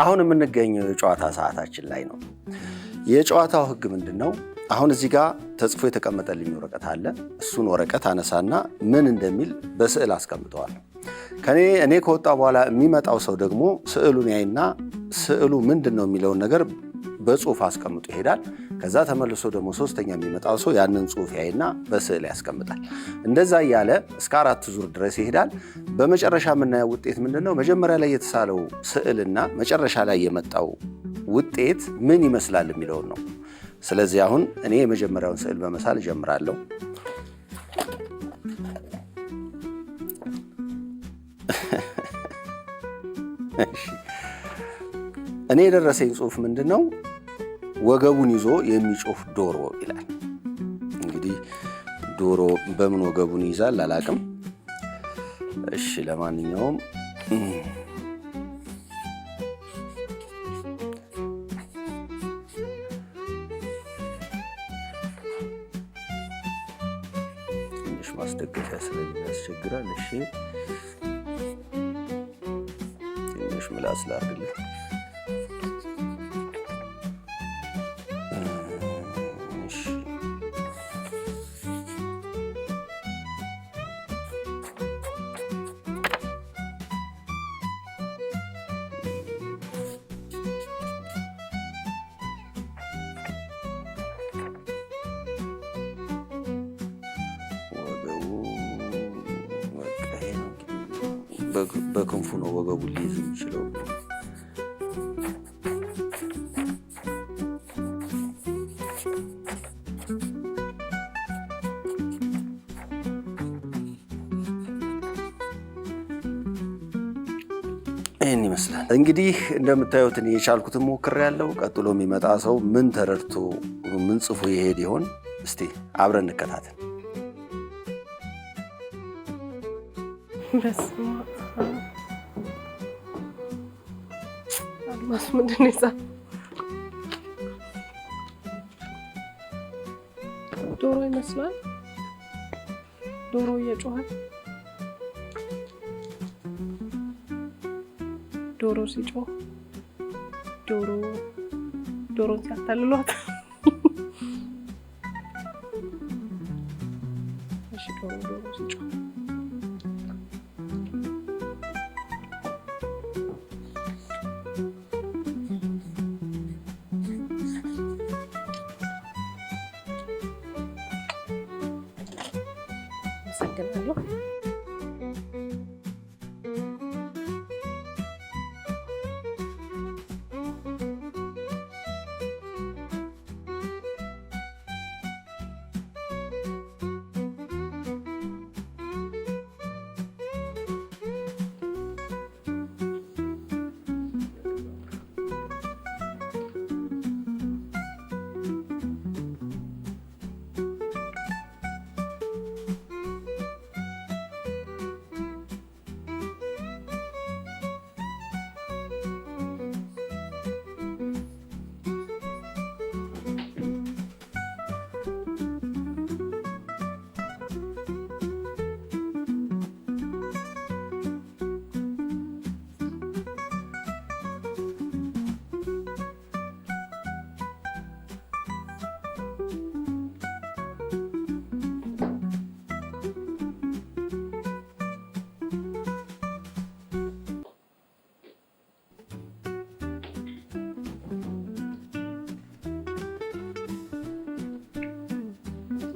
አሁን የምንገኘው የጨዋታ ሰዓታችን ላይ ነው። የጨዋታው ህግ ምንድን ነው? አሁን እዚህ ጋር ተጽፎ የተቀመጠልኝ ወረቀት አለ። እሱን ወረቀት አነሳና ምን እንደሚል በስዕል አስቀምጠዋል። ከኔ እኔ ከወጣ በኋላ የሚመጣው ሰው ደግሞ ስዕሉን ያይና ስዕሉ ምንድን ነው የሚለውን ነገር በጽሁፍ አስቀምጦ ይሄዳል። ከዛ ተመልሶ ደግሞ ሶስተኛ የሚመጣ ሰው ያንን ጽሁፍ ያይና በስዕል ያስቀምጣል። እንደዛ እያለ እስከ አራት ዙር ድረስ ይሄዳል። በመጨረሻ የምናየው ውጤት ምንድን ነው? መጀመሪያ ላይ የተሳለው ስዕልና መጨረሻ ላይ የመጣው ውጤት ምን ይመስላል የሚለውን ነው። ስለዚህ አሁን እኔ የመጀመሪያውን ስዕል በመሳል እጀምራለሁ። እኔ የደረሰኝ ጽሁፍ ምንድን ነው? ወገቡን ይዞ የሚጮፍ ዶሮ ይላል። እንግዲህ ዶሮ በምን ወገቡን ይይዛል አላቅም። እሺ ለማንኛውም ትንሽ ማስደገፊያ ስለሚያስቸግራል። እሺ ትንሽ ምላስ ላድርግልህ። በክንፉ ነው ወገቡ ሊይዝ የሚችለው። ይህን ይመስላል እንግዲህ እንደምታዩት የቻልኩትን ሞክር ያለው ቀጥሎ የሚመጣ ሰው ምን ተረድቶ ምን ጽፎ ይሄድ ይሆን? እስቲ አብረን እንከታተል። ማሱ ምንድን ነው የጻፈው? ዶሮ ይመስላል። ዶሮ እየጮኸ ዶሮ ሲጮህ ዶሮ ዶሮን ሲያታልሏት ዶሮ ዶሮ ሲጮህ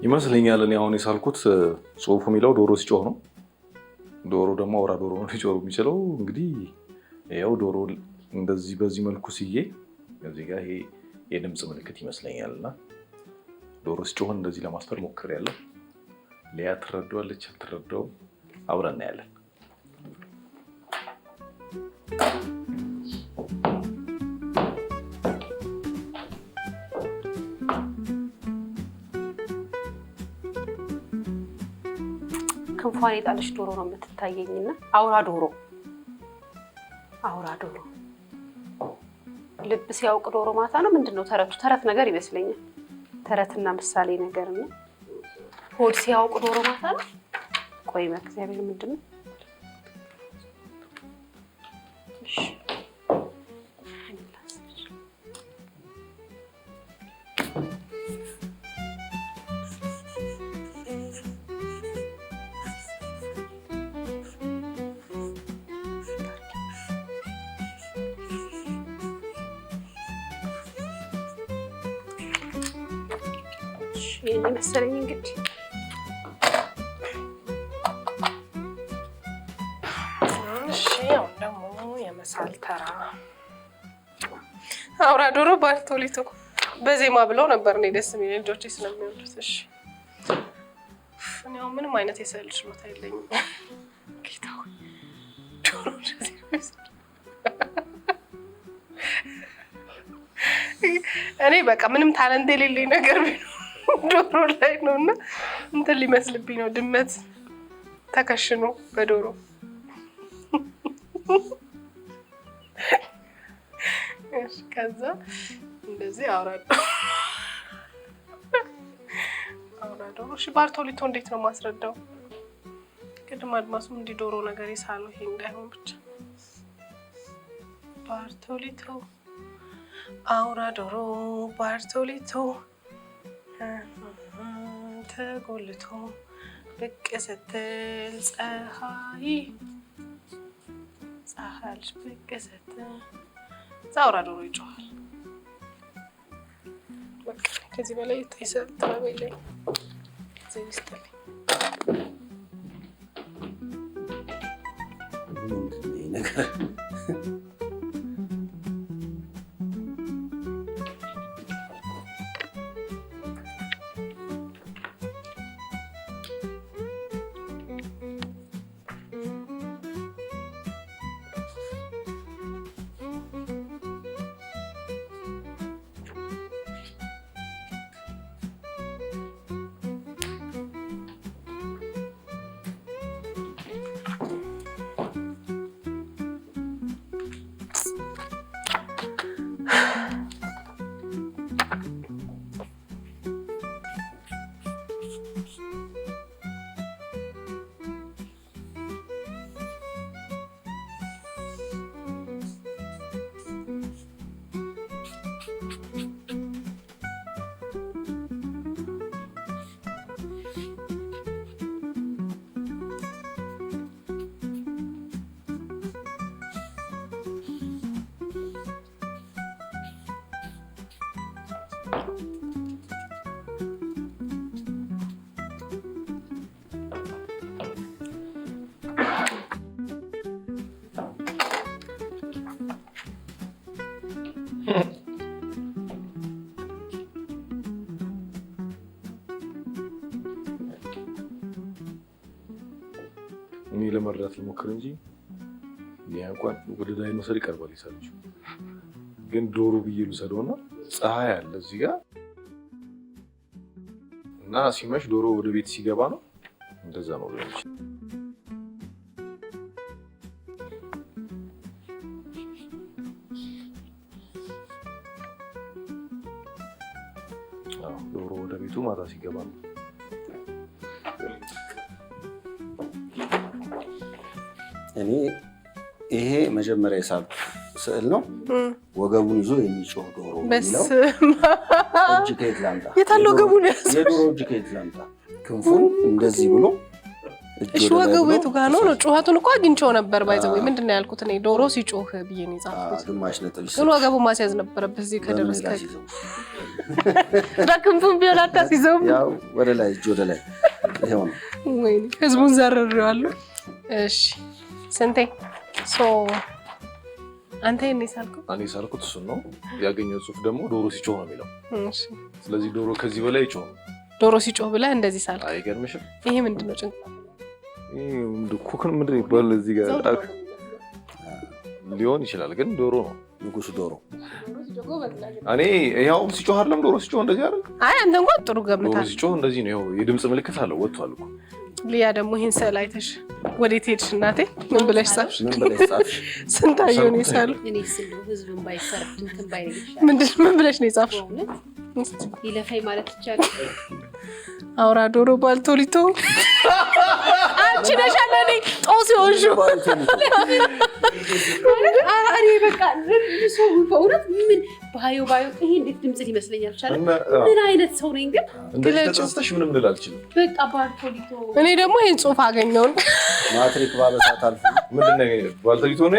ይመስለኛል እኔ አሁን የሳልኩት ጽሁፉ የሚለው ዶሮ ሲጮህ ነው። ዶሮ ደግሞ አውራ ዶሮ ነው ሊጮህ የሚችለው። እንግዲህ ያው ዶሮ እንደዚህ በዚህ መልኩ ስዬ እዚህ ጋር ይሄ የድምፅ ምልክት ይመስለኛል እና ዶሮ ሲጮህን እንደዚህ ለማስፈር ሞክሬያለሁ። ሊያ ትረዳዋለች አትረዳውም? አብረን እናያለን። ክንፏን የጣለች ዶሮ ነው የምትታየኝና አውራ ዶሮ አውራ ዶሮ ልብ ሲያውቅ ዶሮ ማታ ነው። ምንድን ነው ተረቱ? ተረት ነገር ይመስለኛል። ተረትና ምሳሌ ነገር ነው። ሆድ ሲያውቅ ዶሮ ማታ ነው። ቆይ እግዚአብሔር ምንድን ነው ይህን መሰለኝ እንግዲህ ያው ተራ አውራ ዶሮ ባርቶሊቶ በዜማ ብለው ነበር። እኔ ደስ የሚለኝ ልጆቼ ስለሚወዱት። እሺ ያው ምንም አይነት የስዕል ችሎታ የለኝም። ጌታ ዶሮ እኔ በቃ ምንም ታለንት የሌለኝ ነገር ቢኖር ዶሮ ላይ ነው እና እንትን ሊመስልብኝ ነው ድመት ተከሽኖ በዶሮ ከዛ እንደዚህ አውራዶ አውራዶ እሺ ባርቶሊቶ እንዴት ነው ማስረዳው? ቅድም አድማሱም እንዲህ ዶሮ ነገር የሳለው ይሄ እንዳይሆን ብቻ ባርቶሊቶ አውራ ዶሮ ባርቶሊቶ ተጎልቶ ብቅ ስትል ፀሐይ ፀሐይ ብቅ ስትል ዛውራ ዶሮ ይጮሃል። ከዚህ በላይ ጥበብ የለኝም። እኔ ለመረዳት ልሞክር እንጂ እንኳን ወደ ላይ መውሰድ ይቀርባል። ይሳለች ግን ዶሮ ብዬ ልውሰደውና ፀሐይ አለ እዚህ ጋር እና ሲመሽ ዶሮ ወደ ቤት ሲገባ ነው። እንደዛ ነው። እኔ ይሄ መጀመሪያ የሳብ ስዕል ነው። ወገቡን ይዞ የሚጮህ ዶሮ የሚለው እጅ ከየት ላምጣ? የታለ ወገቡን ያዘ የዶሮ እጅ ከየት ላምጣ? ክንፉን እንደዚህ ብሎ እሺ ወገቡ የቱ ጋር ነው ነው? ጩኸቱን እኮ አግኝቼው ነበር። ባይዘ ወይ ምንድን ነው ያልኩት? እኔ ዶሮ ሲጮህ ብዬ ነው የጻፍኩት። ግማሽ ነጥብ ግን ወገቡ ማስያዝ ነበረበት። እዚህ ከደረስከ ክንፉን ቢሆን አታስይዘውም። ያው ወደ ላይ እጅ ወደ ላይ ይኸው ወይ ህዝቡን ዘርሬዋለሁ። እሺ ስንቴ አንተ እኔ ሳልኩት እኔ ሳልኩት እሱን ነው ያገኘው። ጽሁፍ ደግሞ ዶሮ ሲጮህ ነው የሚለው። ስለዚህ ዶሮ ከዚህ በላይ ይጮህ ነው። ዶሮ ሲጮህ ብለህ እንደዚህ ሳልክ አይገርምሽም? ይሄ ምንድን ነው ጭንቅ ኩክን ምንድን ይባል እዚህ ጋር ሊሆን ይችላል፣ ግን ዶሮ ነው ንጉሱ ዶሮ። እኔ ይኸውም ሲጮህ አለም ዶሮ ሲጮህ እንደዚህ አይደል? አይ አንተ እንኳን ጥሩ ገምታል። ዶሮ ሲጮህ እንደዚህ ነው። ይኸው የድምፅ ምልክት አለው ወጥቷል እኮ ሊያ ደግሞ ይህን ስዕል አይተሽ ወዴት ሄድሽ እናቴ? ምን ብለሽ ጻፍሽ? ስንታየውን ይሳሉ ምን ብለሽ ነው የጻፍሽ? ይለፋኝ ማለት ይቻላል። አውራ ዶሮ ባልቶሊቶ አንቺ ነሽ አለ እኔ ጦስ ይሆንሽ እኔ በቃ ሰው በእውነት ምን ባዮ ባዮ ይሄ እንዴት ድምፅ ሊመስለኝ አልቻለም። ምን አይነት ሰው ነኝ ግን ግለጭስተሽ ምንም ልል አልችልም። በቃ ባልቶሊቶ እኔ ደግሞ ይህን ጽሁፍ አገኘውን ማትሪክ ባለሳት አልፍ ምንድን ባልቶሊቶ ነ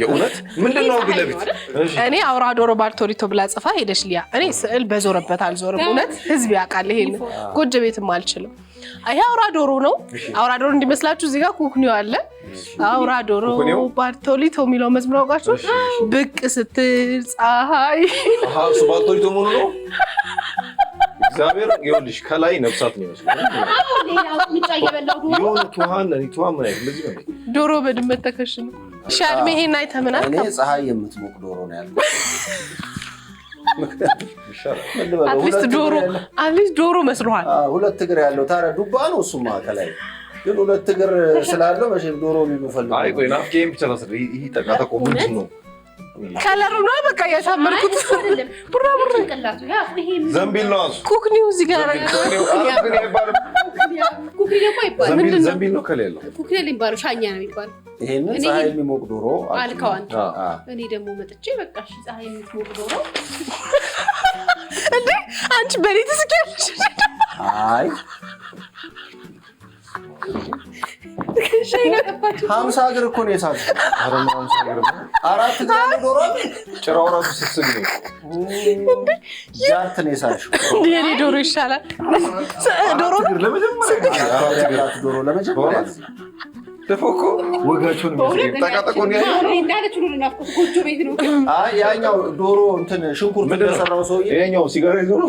የእውነት ምንድን ነው ቢለቢት እኔ አውራ ዶሮ ባልቶሪቶ ብላ ጽፋ ሄደች ሊያ። እኔ ስዕል በዞረበት አልዞርም። እውነት ህዝብ ያውቃል። ይሄን ጎጆ ቤትም አልችልም። ይሄ አውራ ዶሮ ነው። አውራ ዶሮ እንዲመስላችሁ እዚህ ጋር አለ። አውራ ዶሮ ባልቶሊቶ የሚለው መዝሙር አውቃችሁ ብቅ ስትል ፀሐይ እግዚአብሔር ይኸውልሽ፣ ከላይ ነብሳት ዶሮ በድመት ተከሽ ነው ሻድሜ። ይሄን እኔ ፀሐይ የምትሞቅ ዶሮ ነው ያለው። አትሊስት ዶሮ አትሊስት ዶሮ መስሎሃል። ሁለት እግር ያለው ታዲያ ዱባ ነው እሱማ። ከላይ ግን ሁለት እግር ስላለው መቼም ዶሮ የሚፈልግ ከለሩ ነው በቃ ያሳመርኩት። ቡራ ዘንቢል ነው ኩክኒ እዚህ ጋር ዘንቢል ነው ኩክኒ የሚባለው ሻኛ ነው የሚባለው። ይሄንን ፀሐይ የሚሞቅ ዶሮ አልከው እኔ ደግሞ መጥቼ በቃ ፀሐይ የሚሞቅ ዶሮ እንዴ! አንቺ አይ ሀምሳ እግር እኮ ነው የሳት አራት ጭራው ራሱ ስስግ ነው ጃርት ነው የሳሽው። የኔ ዶሮ ይሻላል። ዶሮ ለመጀመሪያ ደፎኮ ወጋችሁን ጠቃጠቆን ያኛው ዶሮ እንትን ሽንኩርት የሰራው ሰውዬ ይኸኛው ሲጋራ ይዞ ነው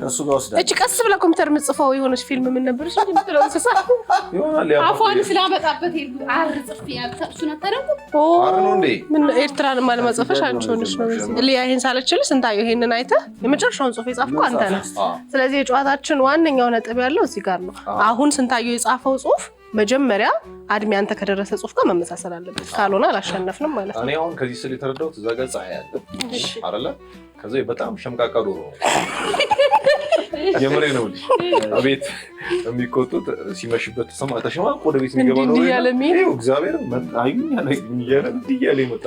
ከእሱ ጋር ወስዳለሁ። እጭ ቀስ ብላ ኮምፒውተር የምጽፈው የሆነች ፊልም ምን ነበር እሱ የምትለው እንስሳ ይሆናል። ያው አፏን ስላመጣበት አር ጽፍ እሱን አታደርጉም። ምን ኤርትራንማ ለማጽፈሽ አንቺ ሆነሽ ነው ሊያ ይሄን ሳለችል ስንታየው ይሄንን አይተ የመጨረሻውን ጽሁፍ የጻፍኩ አንተ ነህ። ስለዚህ የጨዋታችን ዋነኛው ነጥብ ያለው እዚህ ጋር ነው። አሁን ስንታየው የጻፈው ጽሁፍ መጀመሪያ አድሜ አንተ ከደረሰ ጽሁፍ ጋር መመሳሰል አለበት፣ ካልሆነ አላሸነፍንም ማለት ነው። እኔ አሁን ከዚህ ስል የተረዳሁት እዛ ገጽ አያለ ከዚ በጣም ሸምቃቃ ዶሮ ነው። የምሬ ነው። አቤት የሚቆጡት ሲመሽበት ስማ ተሸማቆ ወደ ቤት የሚገባ ነው። እግዚአብሔር አዩ እያለ እያለ ይመጣ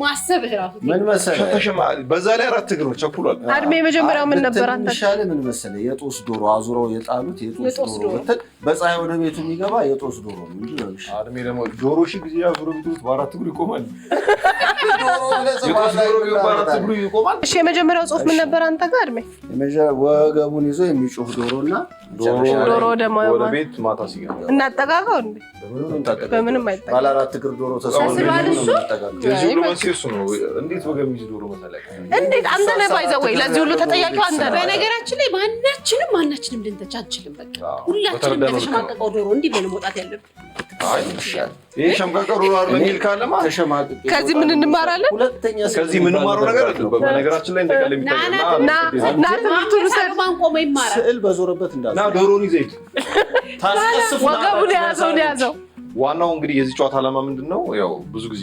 ማሰብ እራሱ ምን በዛ ላይ አራት እግር ቸኩሏል። አድሜ የመጀመሪያው ምን ነበር? አንተ ምን መሰለህ፣ የጦስ ዶሮ አዙረው የጣሉት የጦስ ዶሮ ብትል፣ በፀሐይ ወደ ቤቱ የሚገባ የጦስ ዶሮ ነው እንጂ አድሜ ደግሞ ዶሮ ሺህ ጊዜ አዙረው ቤት በአራት እግሩ ይቆማል። እሺ፣ የመጀመሪያው ጽሁፍ ምን ነበር አንተ ጋር? አድሜ ወገቡን ይዞ የሚጮህ ዶሮ እና ዶሮ ደግሞ ቤት ማታ ሲገባ እናጠጋጋው እንዴ? በምንም አይጠጋም። ባለ አራት እግር ዶሮ ተሰብስባል። እሱ እንዴት ወገብ ይዞ ዶሮ መሰለህ? እንዴት አንተ ነህ ባይዘው ወይ? ለዚህ ሁሉ ተጠያቂው አንተ ነህ። በነገራችን ላይ ማናችንም ማናችንም ልንተች አንችልም። በቃ ሁላችንም በተሸማቀቀው ዶሮ እንዲህ ብለን መውጣት ያለብን ይሄ ሸምቀቀሩ ነው የሚል ከዚህ ምን እንማራለን? ሁለተኛ ከዚህ ምን ማሩ ነገር አለ። በነገራችን ላይ ስዕል በዞረበት እንዳለ ዶሮን ይዘህ ወገቡን የያዘውን ዋናው እንግዲህ የዚህ ጨዋታ ዓላማ ምንድን ነው? ያው ብዙ ጊዜ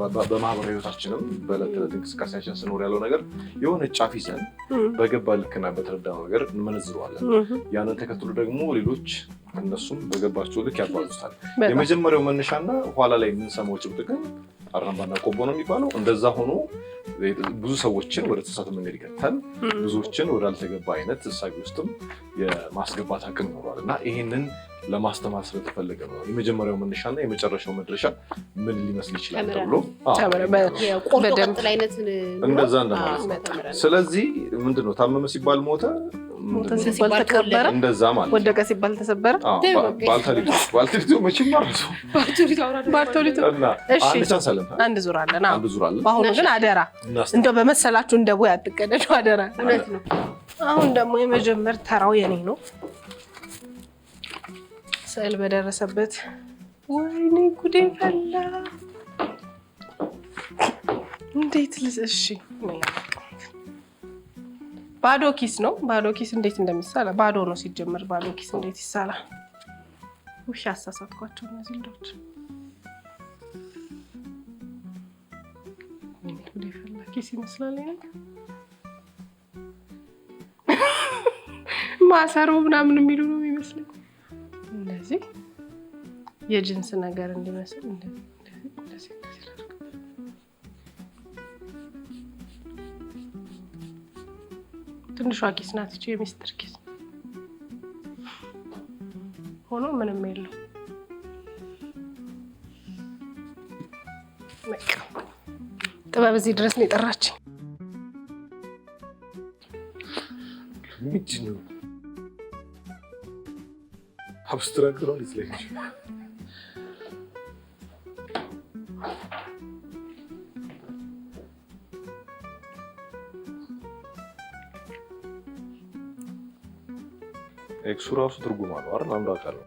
በማህበራዊ ህይወታችንም በዕለት ተዕለት እንቅስቃሴያችን ስኖር ያለው ነገር የሆነ ጫፍ ይዘን በገባ ልክና በተረዳ ነገር እንመነዝረዋለን። ያንን ተከትሎ ደግሞ ሌሎች እነሱም በገባቸው ልክ ያባዙታል። የመጀመሪያው መነሻና ኋላ ላይ የምንሰማው ጭብጥ ግን አራምባና ቆቦ ነው የሚባለው። እንደዛ ሆኖ ብዙ ሰዎችን ወደ ተሳሳተ መንገድ ይከተል ብዙዎችን ወደ አልተገባ አይነት እሳቢ ውስጥም የማስገባት አቅም ይኖሯል እና ይህንን ለማስተማር ስለተፈለገ ነው። የመጀመሪያው መነሻና የመጨረሻው መድረሻ ምን ሊመስል ይችላል ተብሎ እንደዛ እንደማለት ነው። ስለዚህ ምንድን ነው ታመመ ሲባል ሞተ ሞተ ሲባል ተቀበረ፣ ወደቀ ሲባል ተሰበረ። አንድ ዙር አለን። በአሁኑ ግን አደራ እንደው በመሰላችሁ እንደ ቦይ አትቀደደው፣ አደራ። አሁን ደግሞ የመጀመር ተራው የኔ ነው። ስዕል በደረሰበት ወይኔ ጉዴ ፈላ። እንዴት ልጽ እሺ ባዶ ኪስ ነው። ባዶ ኪስ እንዴት እንደሚሳላ ባዶ ነው ሲጀመር። ባዶ ኪስ እንዴት ይሳላል? ውሽ አሳሳትኳቸው እነዚህ ልጆች። ኪስ ይመስላል ማሰሮ ምናምን የሚሉ ነው የሚመስለኝ። እንደዚህ የጅንስ ነገር እንዲመስል ትንሿ ኪስ ናት እቺ የሚስጥር ኪስ ሆኖ ምንም የለው። ጥበብ እዚህ ድረስ ነው የጠራችኝ። አብስትራክት ነው ኤክሱ ራሱ ትርጉም አለው አይደል? አንዱ አካል ነው።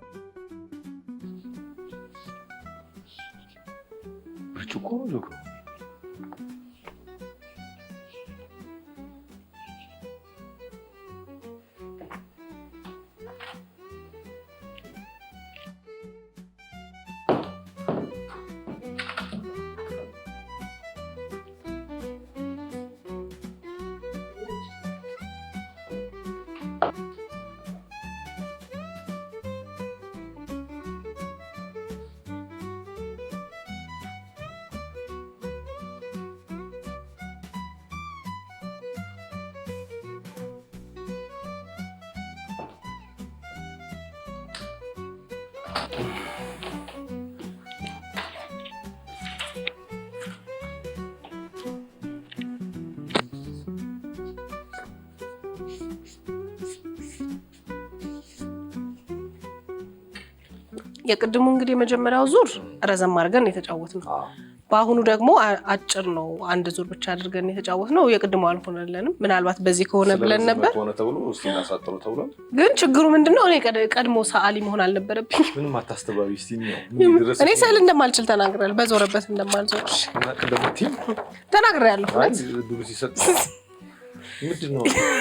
የቅድሙ እንግዲህ የመጀመሪያው ዙር ረዘም አድርገን የተጫወት ነው። በአሁኑ ደግሞ አጭር ነው። አንድ ዙር ብቻ አድርገን የተጫወት ነው። የቅድሞ አልሆነለንም። ምናልባት በዚህ ከሆነ ብለን ነበር ግን ችግሩ ምንድነው? እኔ ቀድሞ ሰዓሊ መሆን አልነበረብኝ። እኔ ስዕል እንደማልችል ተናግሬያለሁ። በዞረበት እንደማልዞር ተናግሬያለሁ።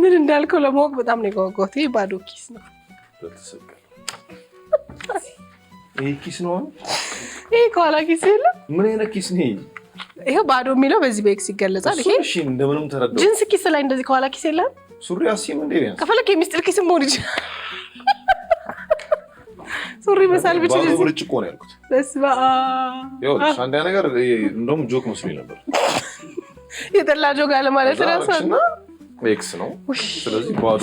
ምን እንዳልከው ለማወቅ በጣም ነው የጓጓት። ባዶ ኪስ ነው። ይሄ ኪስ ነው ይሄ ከኋላ ኪስ የለም። ምን አይነት ኪስ ነው ይሄ? ባዶ የሚለው በዚህ በኤክስ ይገለጻል። ይሄ እሺ፣ እንደምንም ተረዳሁ። ጅንስ ኪስ ላይ እንደዚህ ከኋላ ኪስ የለም። ሱሪ አሲም እንዴ ቢያንስ ከፈለክ የሚስጥር ኪስ መሆን ይችላል። ሱሪ መሳል ብቻ ነው። ብርጭቆ ነው ያልኩት። በስመ አብ ይኸውልሽ፣ አንድ ነገር እንደውም ጆክ መስሎኝ ነበር። የጠላ ጆክ አለ ማለት ራስና ኤክስ ነው። ስለዚህ ባዶ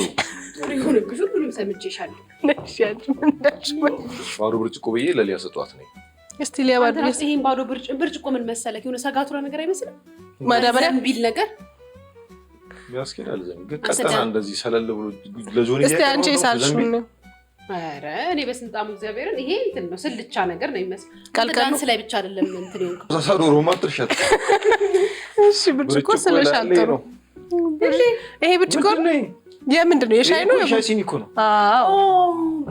ባዶ ብርጭቆ ብዬ ለሊያ ሰጧት ነኝ እስቲ ሊያባድ ይሄን ባዶ ብርጭቆ ምን መሰለህ የሆነ ሰጋቱረ ነገር አይመስልም? ማዳበሪያ ቢል ነገር ያስኬዳል። ዘንድ ቀጠና እንደዚህ ሰለል ብሎ ለጆኒ እስቲ አንቺ የሳልሽው ነው። እኔ በስንጣሙ እግዚአብሔርን ይሄ እንትን ነው ስልቻ ነገር ነው ይመስል ቀልቀሉ ላይ ብቻ አይደለም እንትን ይሆን ሳዶሮ ማጥርሻት እሺ፣ ብርጭቆ ስለሻል ይሄ ብርጭቆ የምንድን ነው የሻይ ነው? የሻይ ሲኒ ነው።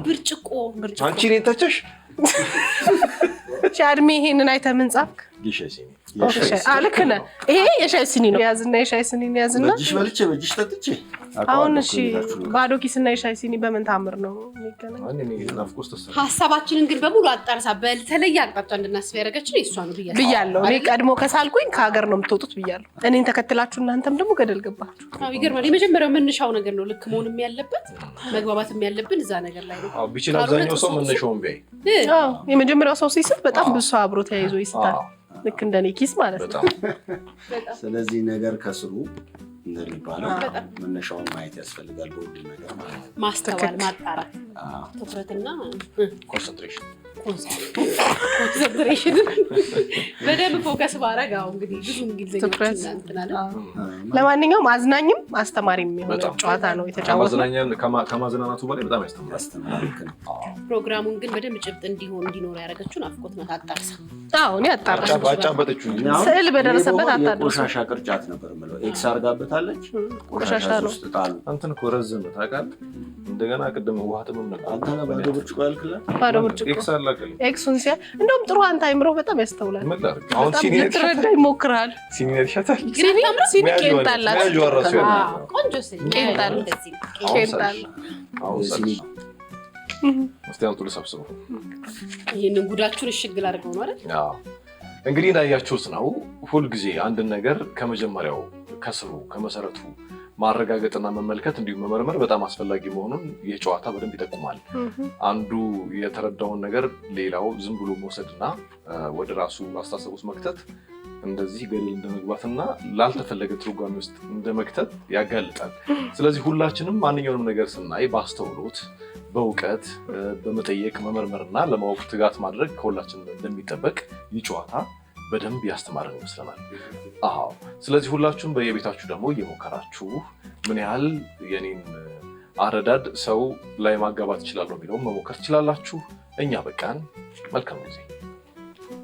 ብርጭቆ ብርጭቆ አንቺ እኔን ተቸሽ አድሜ ይሄንን አይተህ ምን ጻፍክ? ልክ ነህ። ይሄ የሻይ ስኒ ነው። ያዝና የሻይ ስኒ ያዝና አሁን እሺ፣ ባዶ ኪስና የሻይ ሲኒ በምን ታምር ነው የሚገናኝ? ሀሳባችንን ግን በሙሉ አጣርሳ በተለየ አቅጣጫ እንድናስብ ያደረገችን እሷ ነው ብያለሁ። እኔ ቀድሞ ከሳልኩኝ ከሀገር ነው የምትወጡት ብያለሁ። እኔን ተከትላችሁ እናንተም ደግሞ ገደል ገባችሁ። ይገርማል። የመጀመሪያው መነሻው ነገር ነው ልክ መሆንም ያለበት መግባባትም ያለብን እዛ ነገር ላይ ነው። አብዛኛው ሰው መነሻውን ቢያይ የመጀመሪያው ሰው ሲስት በጣም ብዙ ሰው አብሮ ተያይዞ ይስታል። ልክ እንደኔ ኪስ ማለት ነው። ስለዚህ ነገር ከስሩ እንደሚባለው መነሻውን ማየት ያስፈልጋል። በውድ ነገር ማለት ነው። ማስተዋል፣ ማጣራት፣ ትኩረትና ኮንሰንትሬሽን ኮንሰንትሬሽን በደንብ ፎከስ ባረግ እንግዲህ ብዙ እንግሊዝኛ ለማንኛውም አዝናኝም አስተማሪም የሆነ ጨዋታ ነው የተጫወትነው። ከማዝናናቱ በላይ በጣም ያስተምራል። ፕሮግራሙን ግን በደንብ ጭብጥ እንዲሆን እንዲኖር ያደረገችውን አፍቆት ናት። አጣርሳ አሁን ያጣራ ስዕል በደረሰበት አታደርሱ። ቆሻሻ ቅርጫት ነበር የምለው ኤክስ አርጋበት ትመታለች። ቆሻሻ ነው ጣሉ። እንትን እኮ ረዝም ታውቃለህ። እንደገና ቅድም ውሃ ጥምም ነበር። ብርጭቆ ባዶ ብርጭቆ ኤክሱን ሲያ እንደውም ጥሩ አንተ አይምሮህ በጣም ያስተውላል። ልትረዳ ይሞክራል። ሲኒየር ይሸጣል። ሲኒ ቄንጣላት ቆንጆ ቄንጣል ልሰብስበው። ይህንን ጉዳችሁን እሽግል አድርገው ማለት እንግዲህ እንዳያችሁት ነው። ሁልጊዜ አንድን ነገር ከመጀመሪያው ከስሩ ከመሰረቱ ማረጋገጥና መመልከት እንዲሁም መመርመር በጣም አስፈላጊ መሆኑን ይህ ጨዋታ በደንብ ይጠቁማል። አንዱ የተረዳውን ነገር ሌላው ዝም ብሎ መውሰድና ወደ ራሱ አስተሳሰብ ውስጥ መክተት እንደዚህ ገደል እንደመግባትና ላልተፈለገ ትርጓሜ ውስጥ እንደመክተት ያጋልጣል። ስለዚህ ሁላችንም ማንኛውንም ነገር ስናይ በአስተውሎት፣ በእውቀት፣ በመጠየቅ መመርመርና ለማወቅ ትጋት ማድረግ ከሁላችን እንደሚጠበቅ ይህ ጨዋታ በደንብ ያስተማረን ይመስለናል። አዎ። ስለዚህ ሁላችሁም በየቤታችሁ ደግሞ እየሞከራችሁ ምን ያህል የኔን አረዳድ ሰው ላይ ማጋባት እችላለሁ የሚለውን መሞከር ትችላላችሁ። እኛ በቃን። መልካም ጊዜ